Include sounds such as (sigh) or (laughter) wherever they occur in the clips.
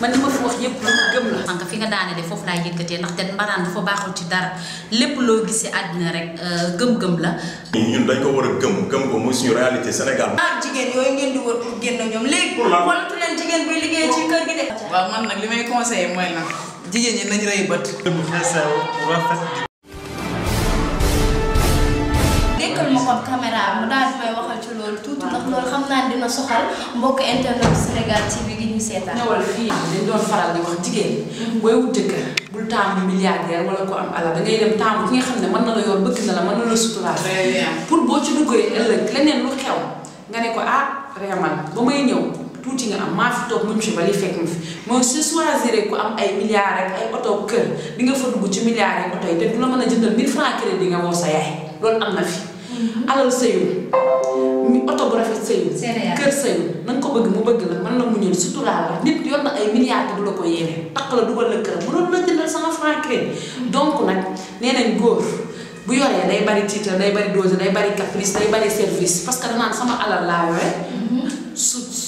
man li ma fi wax yëpp lu ma gëm la fi nga daane de foofu laay yëkkatee ndax te mbaraan dafa baaxul ci dara lépp loo gis si àddina rek euh, gëm-gëm la ñun dañ ko war a gëm gëm ko muy suñu réalité Sénégal ah jigéen yooyu ngeen di wër pour génn ñoom léegi waltu leen jigéen buy liggéey ci kër gi de waaw man nag li may conseillé mooy jigéen ñi nañ rëy bët dékkal ma kon caméra mu daal naan dina soxal mbokk internet Sénégal TV gi ñu seetaan. ñëwal fii dañ doon faral di wax jigéen. booy wut jëkkër bul taamu milliardaire wala ko am alal da ngay dem taamu ki nga ne mën na la yor bëgg na la na la suturaal. pour boo ci duggee ëllëg leneen lu nga ne ko ah vraiment ba may ñëw. tuuti am maa fi toog muñ fi ba li fekk su choisir ku am ay milliards ak ay di nga fa dugg ci milliards ak oto yi te du a jëndal sa yaay loolu am oto bu rafet sëyul kër sëyul na nga ko bëgg mu bëgg la mën na mu ñëw surtout laa la nit yor ay milliards du la ko yéene takk la dugal la këram mënoon la jëndal mm. bu yoree day bari titre day bari day bari caprice day bari service parce que danaan sama alal laa mm-hmm.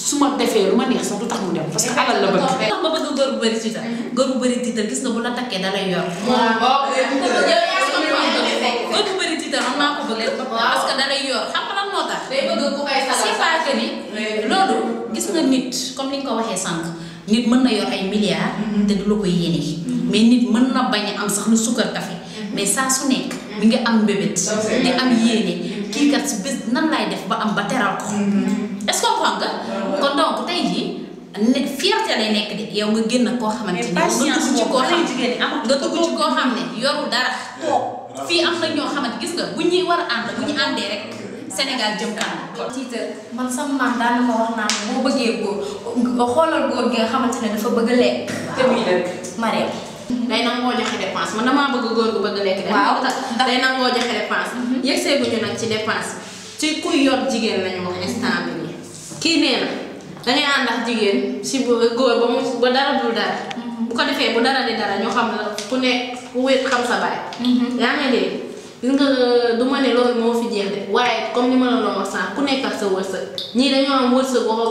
su ma defee ma neex sax du tax mu dem parce que alal la bëgg. tax ma bëgg góor bu bëri titre mm-hmm. góor bu bëri titre gis nga bu la takkee da yor. Siteu man maa ko bëgg parce xam nga lan moo tax. day bëgg ku loolu gis nga nit comme li nga ko waxee sànq. nit mën na yor ay milliards. Mm-hmm. te du la ko yéene. Mm-hmm. mais nit mën na bañ am sax lu sukkar kafe. Mm-hmm. mais saa su nekk. mi ngi am mbébét. di am yéene. kii kat si bés nan laay def ba am ba teral ko. est-ce que comprendre nga. kon donc tey fierté lay nekk de yow nga génn koo xamante ni nga dugg ci koo xam nga dugg ci koo xam ne yorul dara eh, toog fii am na ñoo xamante gis nga bu ñuy war ànd bu ñu àndee rek Sénégal jëm kanam. tiita man sama maam daan ma wax naan boo bëggee góor xoolal góor gi nga xamante ne dafa bëgg lekk. te muy lekk Mariam. day nangoo joxe dépense man damaa bëgg góor gu dañuy ànd ak jigéen si góor ba mu ba dara dul dara. Mm-hmm. bu ko defee bu dara di dara ñu xam la ku nekk ku wéet xam sa baay. Mm-hmm. yaa ngi du ma ne loolu moo fi waaye comme ni ma la doon wax sànq ku nekk ak sa wërsëg ñii dañoo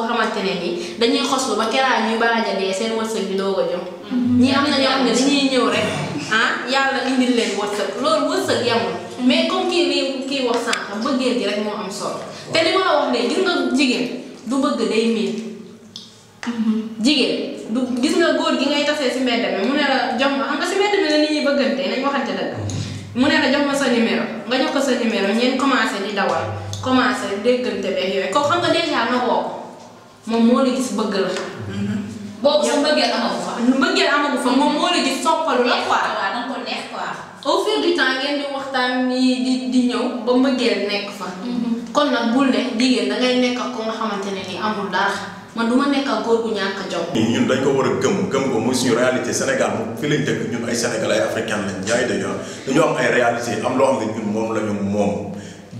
xamante ne nii dañuy xoslu ba keraa ñuy baraja dee seen wërsëg bi doog a jëm. Mm-hmm. ñii am na ñoo xam ne dañuy ñëw rek ah yàlla indil leen wërsëg loolu wërsëg yamul. mais comme kii kii wax sànq bëggeel gi rek moo am solo. te li ma wax léegi gis nga jigéen du bëgg day miin. jigéen du gis nga góor gi ngay tasee si mbedd mi mu ne la jox ma xam nga si mbedd mi la nit ñi bëggante nañ waxante dëgg mu ne la jox ma sa numéro nga jox ko sa numéro ñeen commencé di dawal commencé déggante beeg yooyu kooku xam nga dèjà na woo moom moo la gis bëgg la. boobu sa mbëggeel amagu fa. mbëggeel amagu fa gis soppalu la quoi. waaw da nga ko neex quoi. au fil du temps ngeen di waxtaan yi di di ñëw ba mbëggeel nekk fa. Mhm. kon nag bul ne jigéen da nekk ak ko nga xamante ne ni amul dara. man du ma nekk góor gu ñàkk a jom. ñun dañ ko war a gëm gëm ko muy suñu réalité Sénégal moom fi lañ dëkk ay sénégalais ay africain lañ ñaari dëgg ah. dañu am ay réalité am loo xam ne ñun moom la moom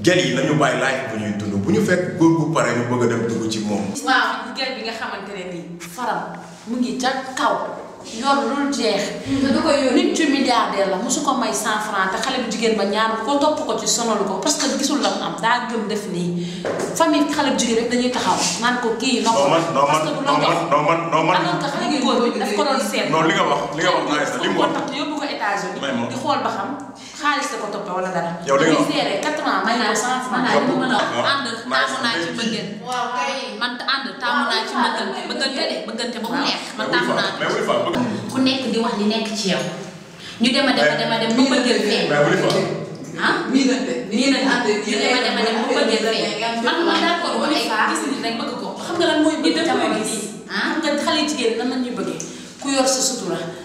gel yi lañu bàyyi laaj bu ñuy dund bu ñu fekk góor gu pare ñu bëgg a dem dugg ci moom. waaw gel bi nga xamante ne nii faram mu ngi ca kaw. yor lul jeex te du ko yor nit ci milliardaire la mosu ko may cent franc te xale bu jigéen ba ñaanu ko topp ko ci sonal ko parce que gisul la mu am daa gëm def nii famille xale bu jigéen rek dañuy taxaw naan ko kii no man no man no man no man alors que xale góor bi daf ko doon seet non li nga wax li nga wax naa li mu wax yóbbu ko états-unis di xool ba xam toppatoo wala dara. yow li nga wax bu quatre ans may ko changement. a ànd taamu naa ci bëggeen. man taamu naa ci bëggante bëggante ba mu neex. man taamu naa ku nekk di wax li nekk ci yow. ñu dem dem dem a dem fee. ah de a dem a dem bu bëggeel fee. man man d'accord ba ay gis nit rek bëgg ko xam nga lan mooy bëgg xale jigéen lan la ñuy bëggee ku yor sa sutura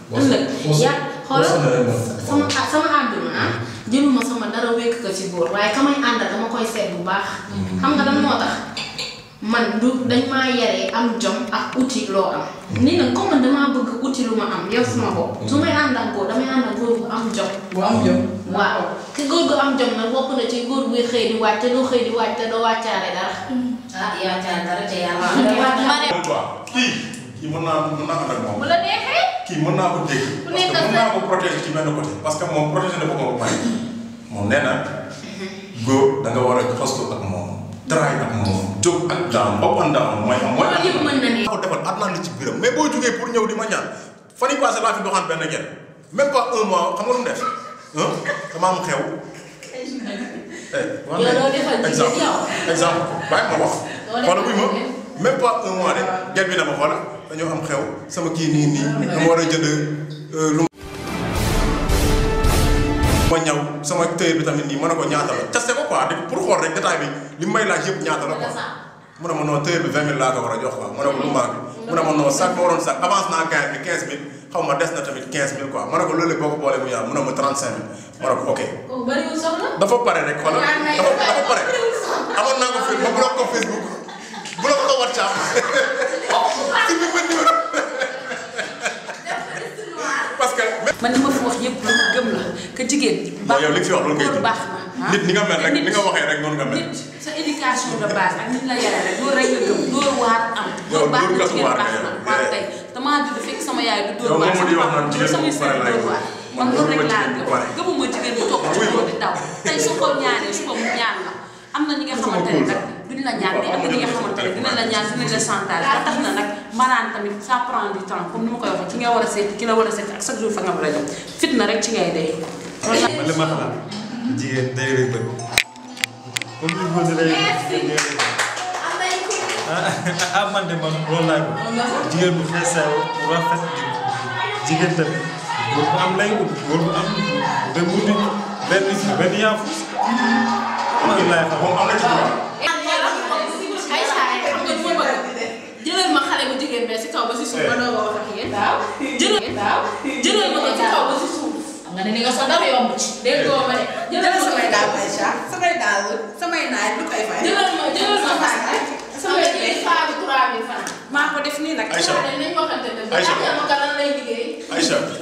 ëllëg yaa sama sama àdduna ah jëluma sama dara wékk ko ci góor waaye ka may dama koy seet bu baax. Mm-hmm. xam nga lan moo tax man du dañ maa yaree am jom ak outil loo am. Mm-hmm. nii nag comme man bëgg outil lu ma am yow suma bopp. Mm-hmm. su may ànd ak góor damay ànd ak góor gu am jom. bu am jom waaw te góor gu am jom nag bokk na ci góor guy xëy di wàcc te doo xëy di wàcc te doo wàccaale dara. Ah, dara te yaa. waaw dara te yaa. kii kii mën naa mën naa ànd ak moom. bu la neexee. ki mën naa ko dégg parce que mën naa ko protéger ci benn côté parce que moom protéger na boppam ba pare moom nee na góor da nga war a ak moom try ak moom jóg ak down up and down mooy am mooy am mën ko defal at naa ci biram mais boo jógee pour ñëw di ma ñaan fan yi passé laa fi doxaan benn ngeen même pas un mois xam nga lu mu def dama am xew exemple exemple bàyyi ma wax wala buy ma même pas un mois rek ngeen bi dama xoolal dañoo am xew sama kii nii nii dama war a jënd euh, lu ma ñaw sama tëye bi tamit nii mën a ko ñaata la testé ko quoi pour xool rek détail bi li may laaj yëpp ñaata la quoi mu ne ma non tëye bi vingt mille laa ko war a jox quoi mu ne ko lu mbaag bi mu ma non sax ma waroon sax avance naa gars bi quinze mille xaw ma des na tamit quinze mille quoi ma ne ko loolu boo ko boolee mu yaar mu a ma trente cinq mille ma ne ko ok dafa pare rek wala dafa pare (laughs) (laughs) parce que man ma fi wax yépp lu ma la que jigéen baax yow li fi wax loolu ngay baax na nit ni nga mel rek ni nga waxee rek noonu nga mel sa de base ak nit la yare rek rek nga am ya, ya. sama yaay du dóor waar sama papa sama sëriñ dóor waar ñaan la am na ñi nga duñ la na ñi nga xamante ne dinañ la ñaan dinañ la chantage ba tax na nag mbaraan tamit ça prend du temps comme ni ma koy waxee ci war a seet ki la war a seet ak chaque jour fa nga war a jëm fit na rek ci ngay dee. man li ma xalaat jigéen day rëy bëri comme ni mu day rëy ah, ah man de man loolu laay ko jigéen bu xeesee bu rafet jigéen tamit bu am lay ut góor bu am benn wuti benn benn yaafus. am na ci demee si kaw ba si suuf eh. ba doog a wax ak yéen. waaw jëlee waaw jëlee ko si kaw ba si suuf. xam nga ne ni nga soog dara yomb ci. dégg nga ma ne jëlee ko samay daal Aïcha samay daal samay naaj lu koy fay. jëlal ma jëlal ma fay. samay naaj faa bi 3000 francs. maa ko def nii nag. Aïcha Aïcha Aïcha Aïcha Aïcha Aïcha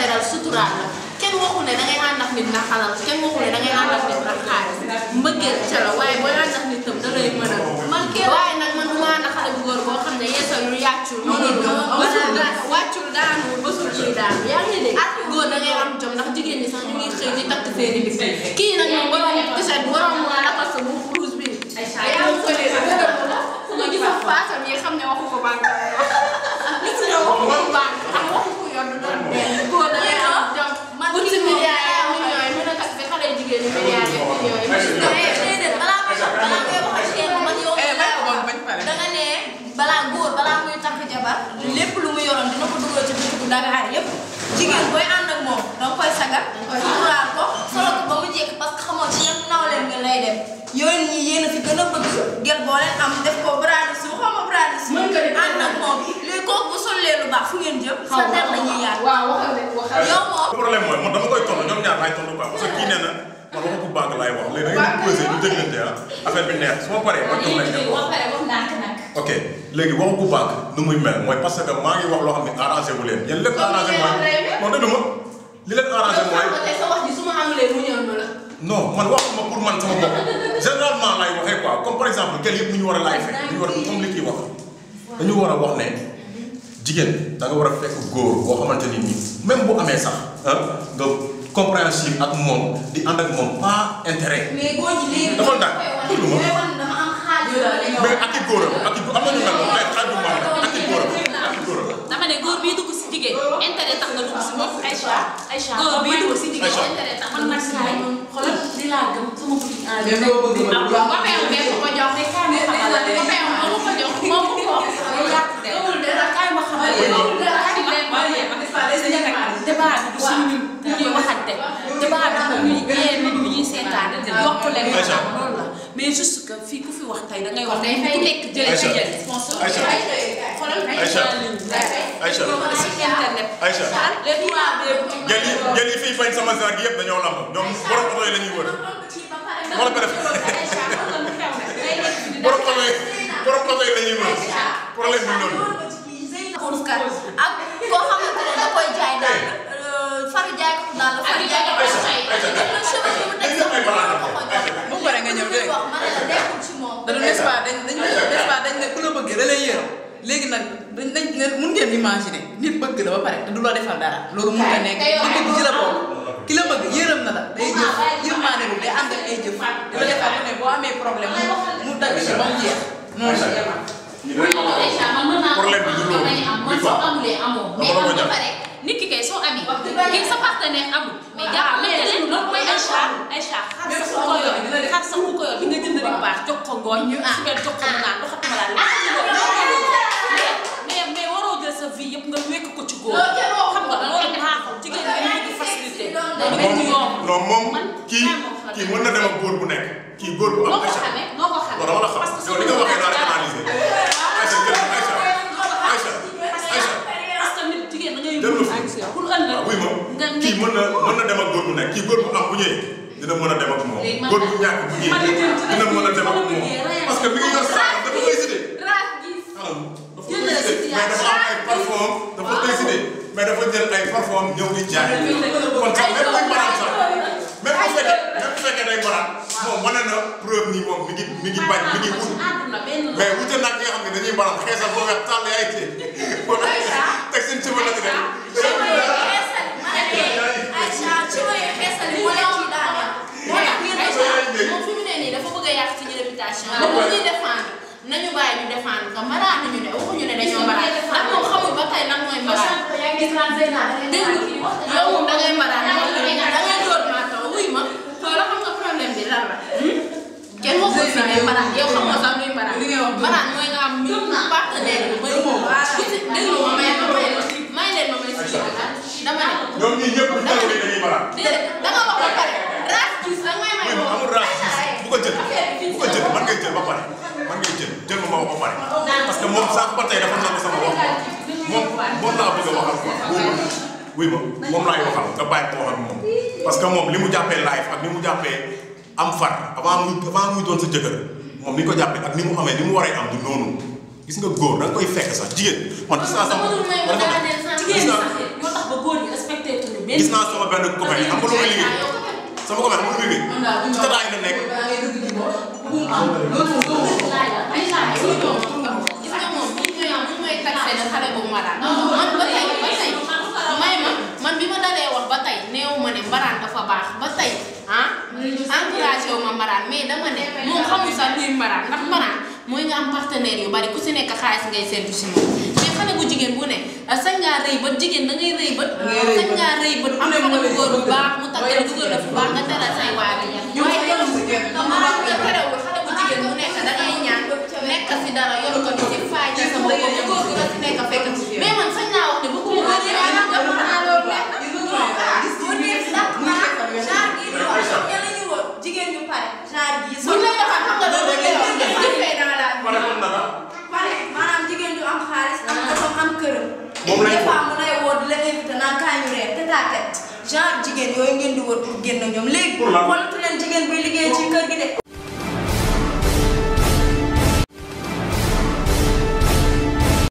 teral suturaal ken waxu ne da ngay ànd ak nit na xalal ken waxu ne da ngay ànd ak nit ndax xaalis mbëggeel ca la waaye boy ànd ak nit tam da lay mën man ke waaye nak man duma ànd ak goor bo góor yeesal lu yàccul mënul bësul wàccul daanu bësul ci daan ya ngi dégg ak goor da ngay am jom ndax jigéen ni sax ñu ngi xey di takk seen i liggéey kii nag moom borom tiset borom la lakas bu rouge bi yaa ngi ko dee ko gis ak yi xam waxu ko problème mooy man dama koy tontu ñoom ñaar laay tontu quoi parce que kii bu bàgg laay wax léegi ah, ma paree ma jox leen ngeen wax waxu bu bàgg nu muy mel mooy parce que maa ngi wax loo xam ne arrangé wu leen yéen lépp arrangé mooy non dégg ma li leen arrangé man waxuma pour man sama bopp généralement laay waxee quoi comme par exemple gel yëpp ñu war a laay fekk ñu war comme li kii dañu war a wax ne jigéen da nga war a fekk góor boo xamante ni nii même bu amee sax ah, nga compréhension ak moom di ànd ak moom pas intérêt. mais góor ñi léegi dafa ndànk dama am xaaju mais ak i góoram ak i am na ñu mel noonu ay xaaju maam la ak i góoram ak i góoram. dama ne góor biy dugg si jigéen intérêt tax nga dugg si moom. Aïcha Aïcha góor biy dugg si jigéen intérêt tax man man si laay xoolal li laa gëm sama bëgg. te yokk leen maanaam loolu la mais juste que fii ku fi wax tey da wax. day fay nekk jëlee sa jël. Aïcha Aïcha Aïcha jël yi fii fañ sama saag yëpp dañoo lamb ñoom borom oto yi la ñuy wër. wala peut borom oto yi borom oto euh, ko daal faru jaay ko dégg nga da doon n'est-ce pas dañ dañ n'est-ce pas dañ ne ku la bëgg da lay yërëm léegi nag dañ dañ ne mun ngeen imaginer nit bëgg la ba pare te du loo defal dara loolu mun nga nekk nit bëgg ci la bokk ki la bëgg yërëm na la day jëf yërmaane bu day ànd ak ay jëf di la defal mu ne boo amee problème mu dagg ci ba mu jeex noonu la. problème bi du loolu. nit ki kay soo amee. kii sa partenaire amul. mais jàpp nañu leen loolu mooy ay char ay char xar sax ko yor xar sax ko yor di nga jënd rek baax jox ko ngooñ. ñu ah su fekkee jox ko mu naan waxatuma laa ah. mais mais waroo jël sa vie yëpp nga wékk ko ci góor xam nga loolu baaxul jigéen ñi dañu ko facilité. kii kii mën na dem bu nekk. kii góor bu am ay char noo ko xamee noo ko xamee. parce que kii mën na mën na dem ak góor bu nekk kii góor bu am bu ñëwee dina mën a dem ak moom góor bu ñàkk bu ñëwee dina mën a dem ak moom parce que bi nga yor saako dafa koy cité xalam dafa koy cité mais dafa am ay parfum dafa koy cité mais dafa jël ay parfum ñëw di jaay kon sax même buy maraat sax même bu fekkee même bu fekkee day maraat moom mën na preuve nii moom mi ngi mi ngi bañ mi ngi wut mais wute nag nga xam ne dañuy maraat xeesal boo weex tànn ay téye boo teg seen cëba nag rek défendre ko maraani ñu ne waxuñu ne dañoo maraat ndax moom xamul ba tey lan mooy maraat. dégg yow moom da ngay maraat da ngay door maatoo wuy ma loolu xam nga problème bi lan la. kenn waxul fi ne maraat yow xam nga sax luy maraat maraat mooy nga am ñu partenaire bu bëri moom déglu ma may ma may leen ma may si dama ne. ñoom ñii ñëpp dañuy maraat. moom sax ba tey dafa nangu sama wax moom moom laa bëgg nga bàyyi ko waxal moom parce que moom li mu jàppee live ak li mu jàppee am far avant muy muy doon sa jëkkër moom ni ko jàppee ak ni mu amee ni mu waree am du noonu gis nga góor da nga koy fekk sax jigéen gis naa sama benn copain xam nga lu liggéey sama copain mu liggéey ci tataay la nekk xale boobu ma daan man ba tey ba tey may ma man bi ma dalee wax ba tey néew ma ne mbaraan dafa baax ba tey ah encouragé wu ma mbaraan mais dama nga am ku si nekk xaalis ngay seetlu si moom mais xale bu jigéen bu ah, jigéen la fu baax nga teral say waa bi waaye dara yor ko ni si faay ci sa bopp ci nekk fekk mais man sañ naa wax ne bu ko bëggoon a jëlee man def naa loolu nekk. sax maanaam genre yi ñu woon xam nga la ñu woon jigéen ñu pare genre yi. buñ lay defar xam nga loolu lay wax jëfee dama la am. pare maanaam jigéen ju am xaalis. am dafa am këram. moom lay woon mu lay woo di la invité naan kaa ñu reer tête à tête genre jigéen yooyu ngeen di wër pour génn ñoom léegi. pour la wala tu leen jigéen buy liggéey ci kër gi de.